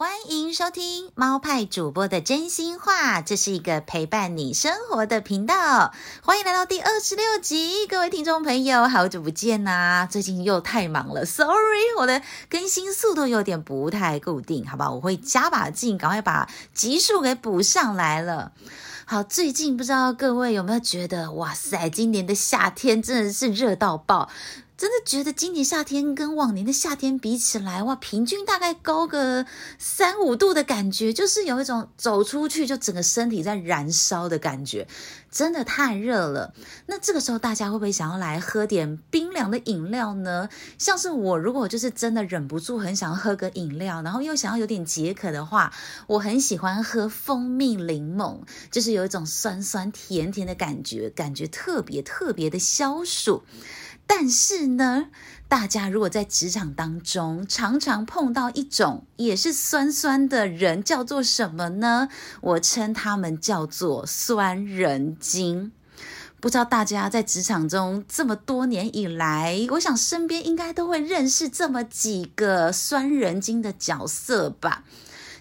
歡迎收聽貓派主播的真心話，這是一個陪伴你生活的頻道。歡迎來到第二十六集，各位聽眾朋友，好久不見吶、啊！最近又太忙了，sorry，我的更新速度又有點不太固定，好吧，我會加把勁，趕快把集數給補上來了。好，最近不知道各位有沒有覺得，哇塞，今年的夏天真的是熱到爆！真的覺得今年夏天跟往年的夏天比起來，哇，平均大概高個三五度的感覺，就是有一種走出去就整個身體在燃燒的感覺，真的太熱了。那這個時候大家會不會想要來喝點冰涼的飲料呢？像是我，如果就是真的忍不住很想要喝個飲料，然後又想要有點解渴的話，我很喜歡喝蜂蜜檸檬，就是有一種酸酸甜甜的感覺，感覺特別特別的消暑。但是呢，大家如果在職場當中常常碰到一種也是酸酸的人，叫做什麼呢？我稱他們叫做酸人精。不知道大家在職場中這麼多年以來，我想身邊應該都會認識這麼幾個酸人精的角色吧？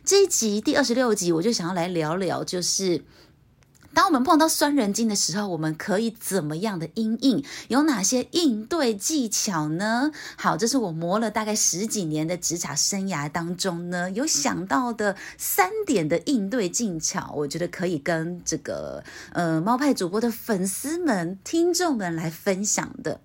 這一集，第二十六集，我就想要來聊聊，就是。當我們碰到酸人精的時候，我們可以怎麼樣的因應？有哪些應對技巧呢？好，這是我磨了大概十幾年的職場生涯當中呢，有想到的三點的應對技巧，我覺得可以跟這個呃貓派主播的粉絲們、聽眾們來分享的。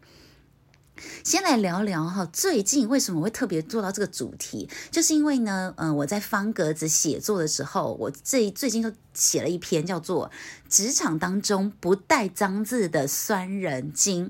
先來聊聊哈，最近為什麼會特別做到這個主題？就是因為呢，嗯、呃，我在方格子寫作的時候，我這最，最近就寫了一篇叫做《職場當中不帶髒字的酸人精》。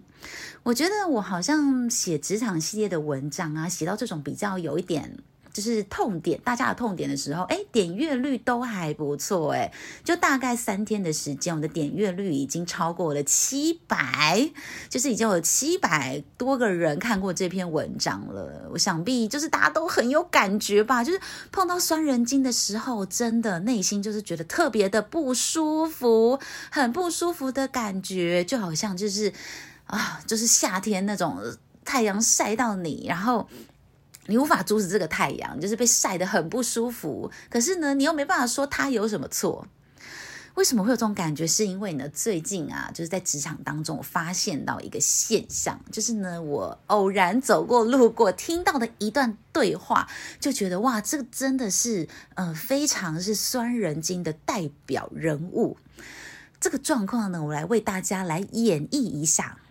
我覺得我好像寫職場系列的文章啊，寫到這種比較有一點。就是痛點，大家的痛點的時候，哎，點閱率都還不錯，哎，就大概三天的時間，我的點閱率已經超過了七百，就是已經有七百多個人看過這篇文章了。我想必就是大家都很有感覺吧，就是碰到酸人精的時候，真的內心就是覺得特別的不舒服，很不舒服的感覺，就好像就是啊，就是夏天那種太陽曬到你，然後。你無法阻止這個太陽，就是被曬得很不舒服。可是呢，你又沒辦法說他有什麼錯。為什麼會有這種感覺？是因為呢，最近啊，就是在職場當中，我發現到一個現象，就是呢，我偶然走過路過，聽到的一段對話，就覺得哇，這個真的是呃，非常是酸人精的代表人物。這個狀況呢，我來為大家來演繹一下。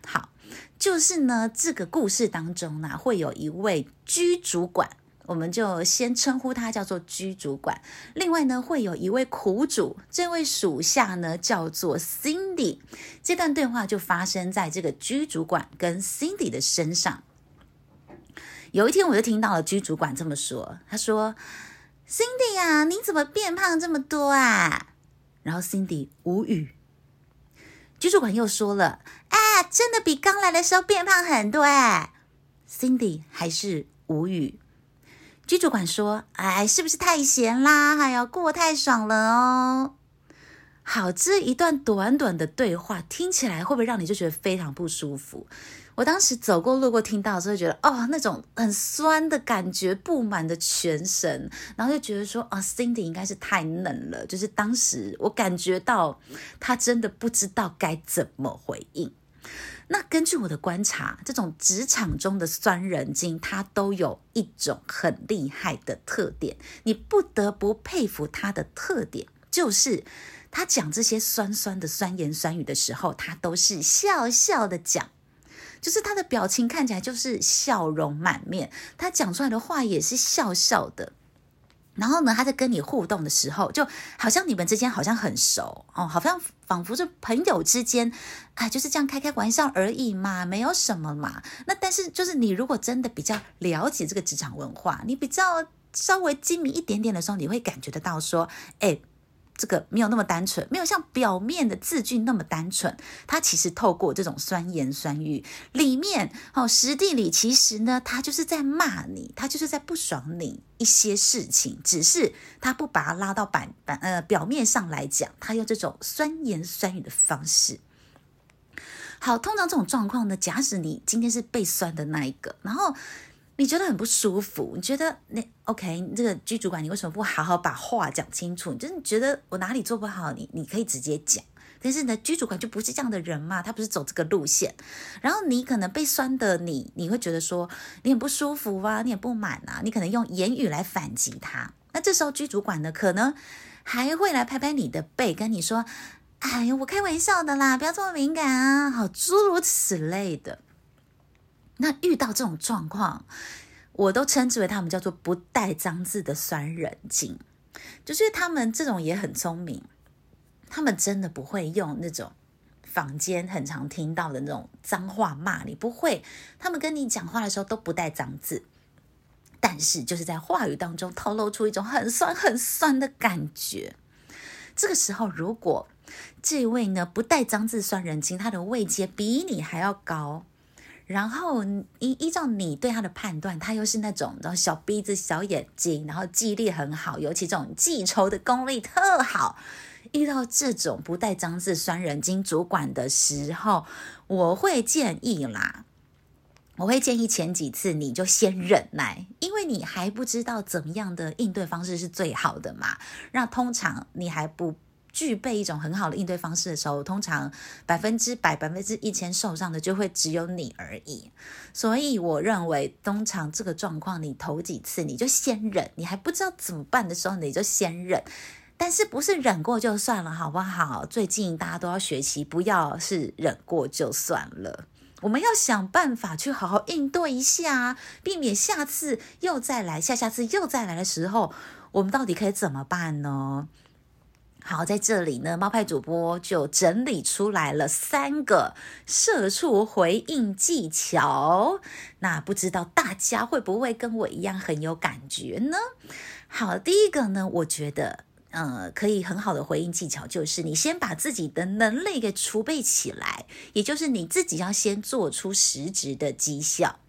就是呢，這個故事當中呢、啊，會有一位居主管，我們就先稱呼他叫做居主管。另外呢，會有一位苦主，這位屬下呢叫做 Cindy。這段對話就發生在這個居主管跟 Cindy 的身上。有一天，我就聽到了居主管這麼說，他說：“Cindy 啊，你怎麼變胖這麼多啊？”然後 Cindy 無語。居主管又說了：“哎、啊，真的比剛來的時候變胖很多哎。” Cindy 還是無語。居主管說：“哎，是不是太閒啦？還、哎、要過太爽了哦。”好，這一段短短的對話，聽起來會不會讓你就覺得非常不舒服？我當時走過路過聽到之後，覺得哦，那種很酸的感覺布滿的全身，然後就覺得說啊、哦、，Cindy 應該是太嫩了，就是當時我感覺到他真的不知道該怎麼回應。那根據我的觀察，這種職場中的酸人精，她都有一種很厲害的特點，你不得不佩服她的特點，就是她講這些酸酸的酸言酸語的時候，她都是笑笑的講。就是他的表情看起來就是笑容滿面，他講出來的話也是笑笑的，然後呢，他在跟你互動的時候，就好像你們之間好像很熟哦，好像仿佛是朋友之間，啊、哎，就是這樣開開玩笑而已嘛，沒有什麼嘛。那但是就是你如果真的比較了解這個職場文化，你比較稍微精明一點點的時候，你會感覺得到說，哎。這個沒有那麼單純，沒有像表面的字句那麼單純。他其實透過這種酸言酸語裡面，哦，實地裡其實呢，他就是在罵你，他就是在不爽你一些事情，只是他不把它拉到板板呃表面上來講，他用這種酸言酸語的方式。好，通常這種狀況呢，假使你今天是被酸的那一個，然後。你覺得很不舒服，你覺得那 OK？這個居主管，你為什麼不好好把話講清楚？就是你覺得我哪裡做不好？你你可以直接講，但是你的居主管就不是這樣的人嘛，他不是走這個路線。然後你可能被酸的，你你會覺得說你很不舒服啊，你很不滿啊，你可能用言語來反擊他。那這時候居主管呢，可能還會來拍拍你的背，跟你說：“哎呀，我開玩笑的啦，不要這麼敏感啊，好諸如此類的。”那遇到這種狀況，我都稱之為他們叫做不帶髒字的酸人精，就是他們這種也很聰明，他們真的不會用那種坊間很常聽到的那種髒話罵你，不會，他們跟你講話的時候都不帶髒字，但是就是在話語當中透露出一種很酸很酸的感覺。這個時候，如果這位呢不帶髒字酸人精，他的位階比你還要高。然後依依照你對他的判斷，他又是那種然後小鼻子小眼睛，然後記憶力很好，尤其這種記仇的功力特好。遇到這種不帶髒字、酸人精主管的時候，我會建議啦，我會建議前幾次你就先忍耐，因為你還不知道怎麼樣的應對方式是最好的嘛。那通常你還不。具備一種很好的應對方式的時候，通常百分之百、百分之一千受傷的就會只有你而已。所以，我認為通常這個狀況，你頭幾次你就先忍，你還不知道怎麼辦的時候，你就先忍。但是不是忍過就算了，好不好？最近大家都要學習，不要是忍過就算了。我們要想辦法去好好應對一下，避免下次又再來，下下次又再來的時候，我們到底可以怎麼辦呢？好，在這裡呢，貓派主播就整理出來了三個社畜回應技巧。那不知道大家會不會跟我一樣很有感覺呢？好，第一個呢，我覺得，嗯，可以很好的回應技巧就是，你先把自己的能力給儲備起來，也就是你自己要先做出實質的績效。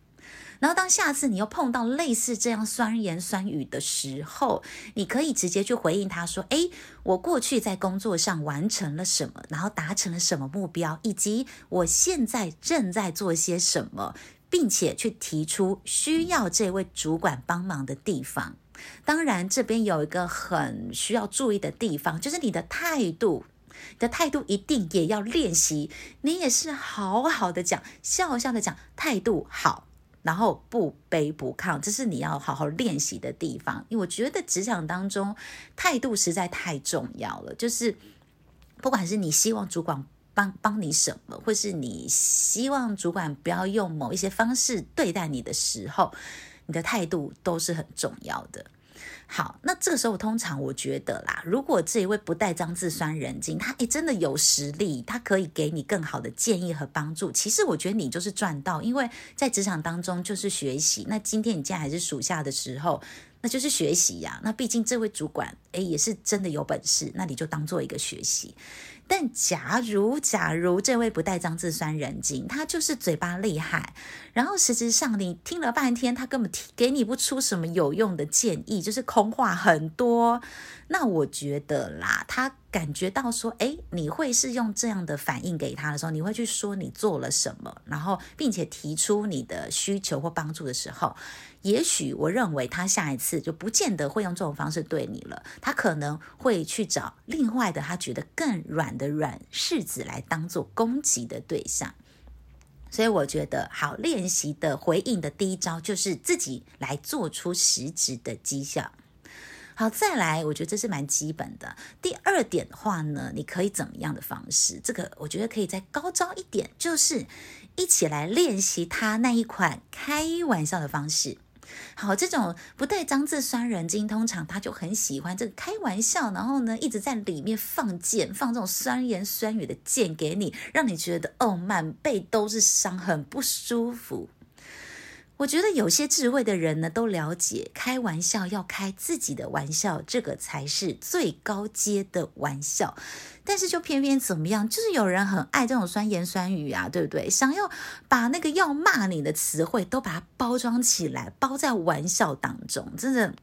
然後，當下次你又碰到類似這樣酸言酸語的時候，你可以直接去回應他說：“誒，我過去在工作上完成了什麼，然後達成了什麼目標，以及我現在正在做些什麼，並且去提出需要這位主管幫忙的地方。當然，這邊有一個很需要注意的地方，就是你的態度，你的態度一定也要練習，你也是好好的講，笑笑的講，態度好。”然後不卑不亢，這是你要好好練習的地方。因為我覺得職場當中態度實在太重要了，就是不管是你希望主管幫幫你什麼，或是你希望主管不要用某一些方式對待你的時候，你的態度都是很重要的。好，那這個時候通常我覺得啦，如果這一位不帶髒字酸人精，他誒、欸、真的有實力，他可以給你更好的建議和幫助。其實我覺得你就是賺到，因為在職場當中就是學習。那今天你竟然還是屬下的時候，那就是學習呀、啊。那畢竟這位主管誒、欸、也是真的有本事，那你就當做一個學習。但假如，假如這位不帶髒字酸人精，他就是嘴巴厲害，然後實質上你聽了半天，他根本給你不出什麼有用的建議，就是空話很多。那我覺得啦，他。感覺到說，哎，你會是用這樣的反應給他的時候，你會去說你做了什麼，然後並且提出你的需求或幫助的時候，也許我認為他下一次就不見得會用這種方式對你了，他可能會去找另外的他覺得更軟的軟柿子來當做攻擊的對象。所以我覺得，好，練習的回應的第一招就是自己來做出實質的績效。好，再來，我覺得這是蠻基本的。第二點的話呢，你可以怎麼樣的方式？這個我覺得可以再高招一點，就是一起來練習他那一款開玩笑的方式。好，這種不帶髒字、酸人精，通常他就很喜歡這個開玩笑，然後呢一直在裡面放箭，放這種酸言酸語的箭給你，讓你覺得哦滿背都是傷，很不舒服。我覺得有些智慧的人呢，都了解開玩笑要開自己的玩笑，這個才是最高階的玩笑。但是就偏偏怎麼樣，就是有人很愛這種酸言酸語啊，對不對？想要把那個要罵你的詞彙都把它包裝起來，包在玩笑當中，真的。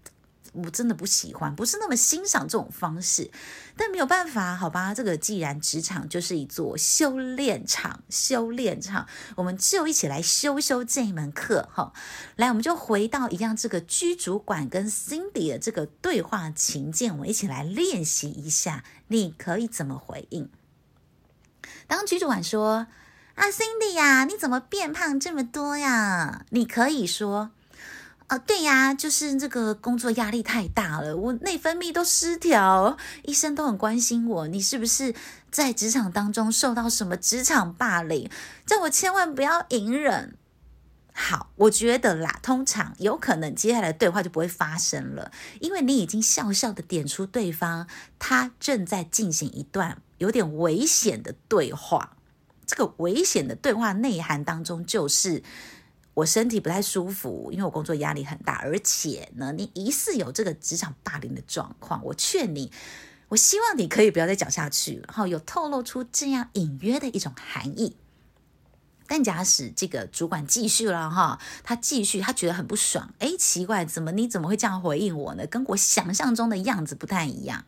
我真的不喜歡，不是那麼欣賞這種方式，但沒有辦法，好吧？這個既然職場就是一座修煉場，修煉場，我們就一起來修修這一門課哈哦。來，我們就回到一樣這個居主管跟 Cindy 的這個對話情境，我們一起來練習一下，你可以怎麼回應？當居主管說：“啊，Cindy 呀，你怎麼變胖這麼多呀？”你可以說。啊，對呀，就是這個工作壓力太大了，我內分泌都失調，醫生都很關心我。你是不是在職場當中受到什麼職場霸凌？叫我千萬不要隱忍。好，我覺得啦，通常有可能接下來對話就不會發生了，因為你已經笑笑的點出對方，他正在進行一段有點危險的對話。這個危險的對話內涵當中就是。我身體不太舒服，因為我工作壓力很大，而且呢，你疑似有這個職場霸凌的狀況。我勸你，我希望你可以不要再講下去，哈，有透露出這樣隱約的一種含義。但假使這個主管繼續了，哈，他繼續，他覺得很不爽，誒，奇怪，怎麼你怎麼會這樣回應我呢？跟我想象中的樣子不太一樣，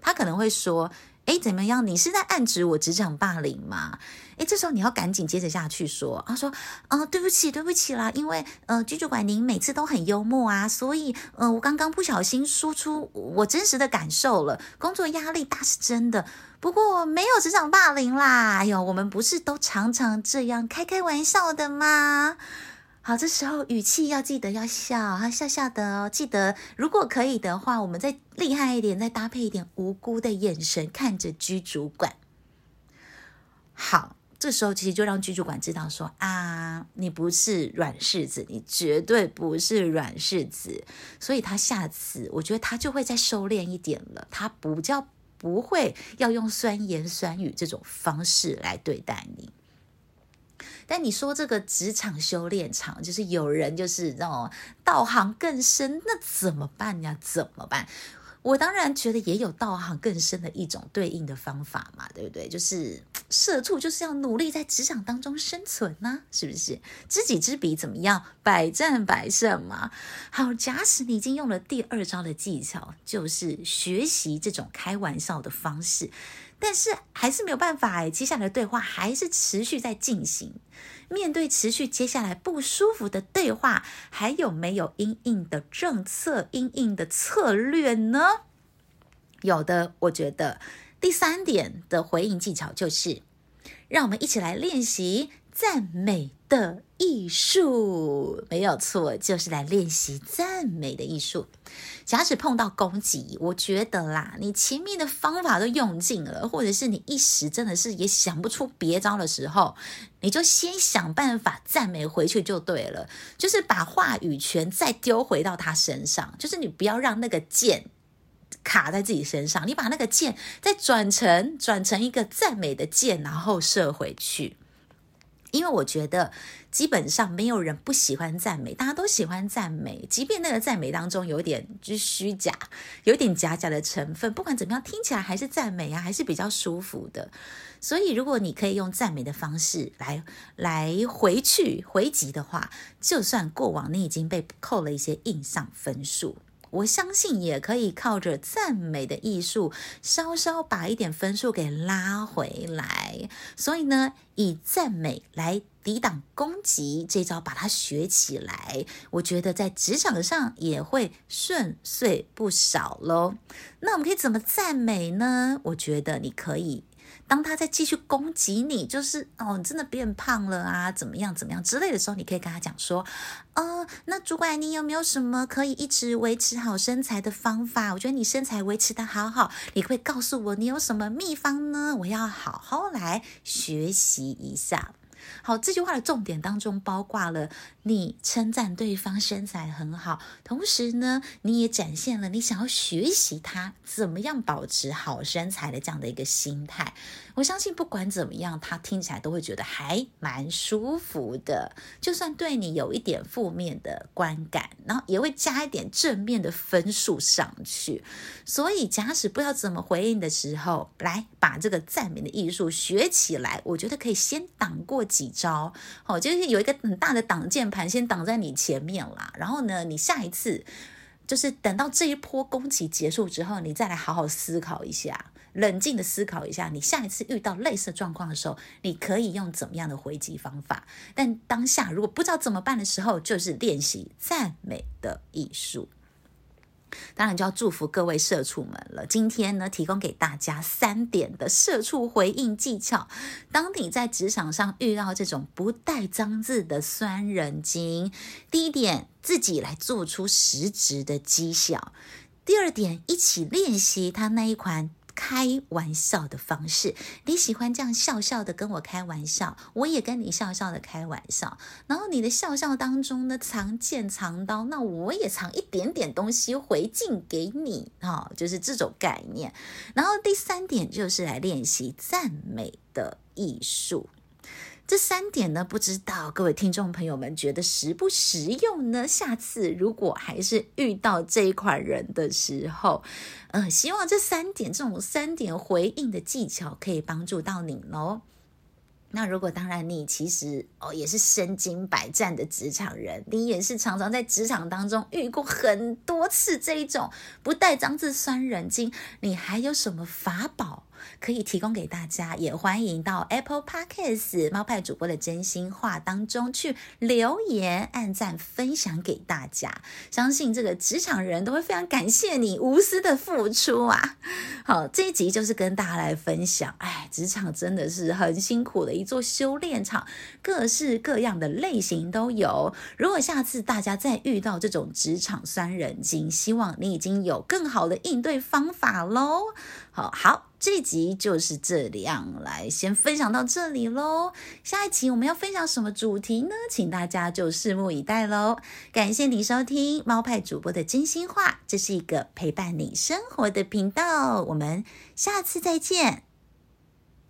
他可能會說：哎，怎麼樣？你是在暗指我職場霸凌嗎？哎，這時候你要趕緊接着下去說，他、啊、說，啊、呃，對不起，對不起啦，因為呃，居主管您每次都很幽默啊，所以呃，我剛剛不小心說出我真實的感受了，工作壓力大是真的，不過沒有職場霸凌啦，哎呦，我們不是都常常這樣開開玩笑的嗎？好，這時候語氣要記得要笑，哈，笑笑的哦。記得，如果可以的話，我們再厲害一點，再搭配一點無辜的眼神看着居主管。好，這時候其實就讓居主管知道說啊，你不是軟柿子，你絕對不是軟柿子。所以他下次，我覺得他就會再收斂一點了，他不叫不會要用酸言酸語這種方式來對待你。但你說這個職場修煉場，就是有人就是這種道行更深，那怎麼辦呀？怎麼辦？我當然覺得也有道行更深的一種對應的方法嘛，對不對？就是社畜就是要努力在職場當中生存呢，啊，是不是？知己知彼怎麼樣，百戰百勝嘛。好，假使你已經用了第二招的技巧，就是學習這種開玩笑的方式。但是還是沒有辦法哎，接下來的對話還是持續在進行。面對持續接下來不舒服的對話，還有沒有因應的政策、因應的策略呢？有的，我覺得第三點的回應技巧就是，讓我們一起來練習。讚美的藝術，沒有錯，就是來練習讚美的藝術。假使碰到攻擊，我覺得啦，你前面的方法都用盡了，或者是你一時真的是也想不出別招的時候，你就先想辦法讚美回去就對了。就是把話語權再丟回到他身上，就是你不要讓那個箭卡在自己身上，你把那個箭再轉成，轉成一個讚美的箭，然後射回去。因為我覺得，基本上沒有人不喜歡讚美，大家都喜歡讚美，即便那個讚美當中有點虛假，有點假假的成分，不管怎麼樣，聽起來還是讚美啊，還是比較舒服的。所以，如果你可以用讚美的方式來來回去回擊的話，就算過往你已經被扣了一些印象分數。我相信也可以靠着讚美的藝術，稍稍把一點分數給拉回來。所以呢，以讚美來抵擋攻擊，這招把它學起來，我覺得在職場上也會順遂不少嘍。那我們可以怎麼讚美呢？我覺得你可以。當他在繼續攻擊你，就是哦，你真的變胖了啊，怎麼樣怎麼樣之類的時候，你可以跟他講說，哦、呃，那主管你有沒有什麼可以一直維持好身材的方法？我覺得你身材維持得好好，你會告訴我你有什麼祕方呢？我要好好來學習一下。好，這句話的重點當中包括了你稱讚對方身材很好，同時呢，你也展現了你想要學習他怎麼樣保持好身材的這樣的一個心態。我相信不管怎麼樣，他聽起來都會覺得還蠻舒服的。就算對你有一點負面的觀感，然後也會加一點正面的分數上去。所以，假使不知道怎麼回應的時候，來把這個讚美的藝術學起來，我覺得可以先擋過幾招，好、哦，就是有一個很大的擋箭牌先擋在你前面啦。然後呢，你下一次就是等到這一波攻擊結束之後，你再來好好思考一下，冷靜的思考一下，你下一次遇到類似的狀況的時候，你可以用怎麼樣的回擊方法。但當下如果不知道怎麼辦的時候，就是練習讚美的藝術。當然就要祝福各位社畜們了。今天呢，提供給大家三點的社畜回應技巧。當你在職場上遇到這種不帶髒字的酸人精，第一點，自己來做出實質的績效；第二點，一起練習他那一款。開玩笑的方式，你喜歡這樣笑笑的跟我開玩笑，我也跟你笑笑的開玩笑。然後你的笑笑當中呢，藏劍藏刀，那我也藏一點點東西回敬給你哈、哦，就是這種概念。然後第三點就是來練習讚美的藝術。這三點呢，不知道各位聽眾朋友們覺得實不實用呢？下次如果還是遇到這一款人的時候，呃，希望這三點這種三點回應的技巧可以幫助到你哦。那如果當然你其實哦也是身經百戰的職場人，你也是常常在職場當中遇過很多次這一種不帶髒字酸人精，你還有什麼法寶？可以提供給大家，也歡迎到 Apple Podcasts 貓派主播的真心話當中去留言、按贊、分享給大家。相信這個職場人都會非常感謝你無私的付出啊！好，這一集就是跟大家來分享，哎，職場真的是很辛苦的一座修煉場，各式各樣的類型都有。如果下次大家再遇到這種職場酸人精，希望你已經有更好的應對方法嘍。好好，這集就是這樣，來先分享到這裡嘍。下一集我們要分享什麼主題呢？請大家就拭目以待嘍。感謝你收聽貓派主播的真心話，這是一個陪伴你生活的頻道。我們下次再見。